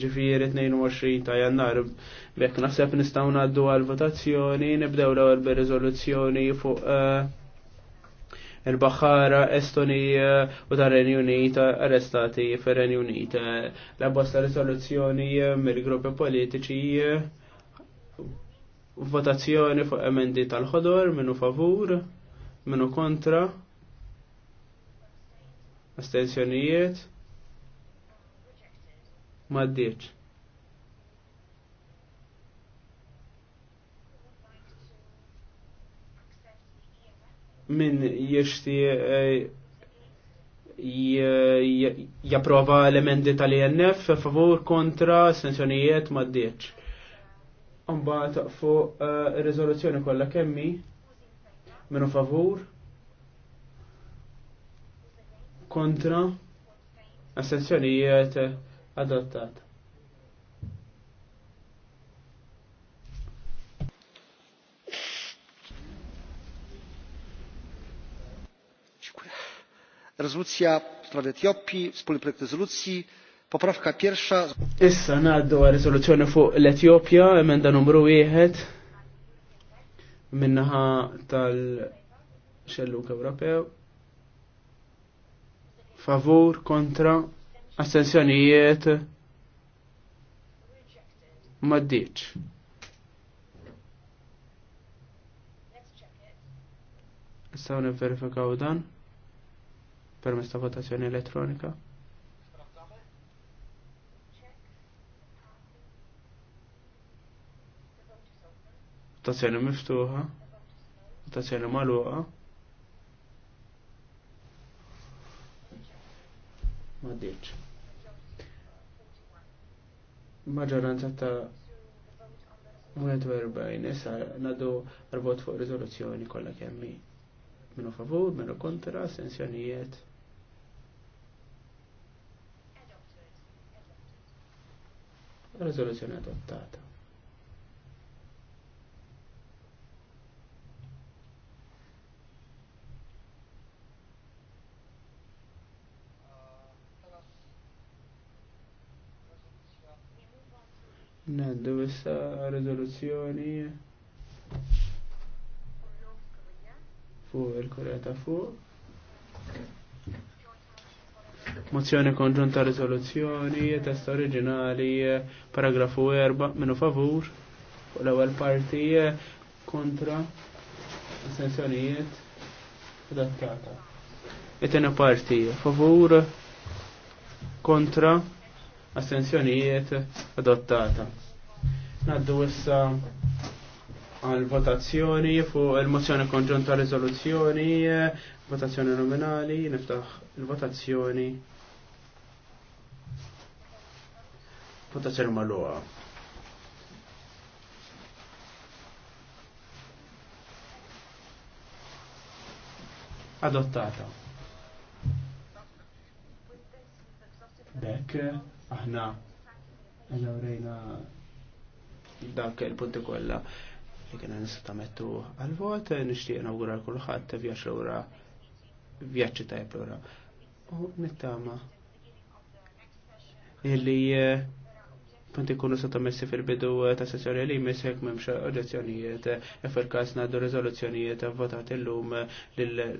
ġifiri 22 ta' jannar. Bekk naħseb nistaw naddu għal-votazzjoni, nibdew l-ewwel bir-riżoluzzjoni fuq eh, il-Bahara, Estonija u tar renju Unit arrestati fir renju Unit. La bosta riżoluzzjoni mill-gruppi politiċi votazzjoni fuq emendi tal-ħodor minnu favur, minnu kontra, astensjonijiet maddiċ. Min jishti eh, japprova l-emendi tal-INF favur kontra sanzjonijiet maddiċ. Umbat fuq eh, rizoluzzjoni kolla kemmi minu favur kontra assenzjonijiet adottat. Rezoluzja w sprawie Etiopii, wspólny projekt rezolucji, poprawka pierwsza. Issa naddu rezoluzzjoni fuq l etiopia emenda numru wieħed minnaħa tal-xelluk Ewropew. Favur kontra assenzjonijiet maddiċ. Nistaw nivverifikaw dan permess ta' votazzjoni elettronika. Votazzjoni miftuħa, votazzjoni maluħa. ma ddiċ. Maġġoranza ta' 41 issa nadu għal fuq riżoluzzjoni kollha kemmi. Minu favur, minu kontra, sensjonijiet. Riżoluzzjoni adottata. Naddu issa rezoluzzjoni fuq il-Korea ta' fuq. Mozzjoni konġunta rezoluzzjoni, testa oriġinali, paragrafu 4, minu favur, fuq l-ewwel parti kontra astensjonijiet adattata. Etena parti favur kontra astensjonijiet adottata. Naddu issa għal votazzjoni fuq il-mozzjoni konġunta riżoluzzjoni, votazzjoni nominali, niftaħ il-votazzjoni. Votazzjoni luqa. adottata. Bekk aħna għallawrejna dak il-punti kolla li kena nistamettu għal-vot, nishtiq nawgura kullħat vjaċ l-ura vjaċ ta' l-ura. U nittama illi eh, punti kunu messi fil-bidu eh, ta' sessjoni li jmissek memx oġezzjonijiet, e eh, fil-kas naddu rezoluzzjonijiet votati l-lum